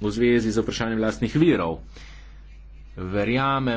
v zvezi z vprašanjem vlastnih virov. Verjamem,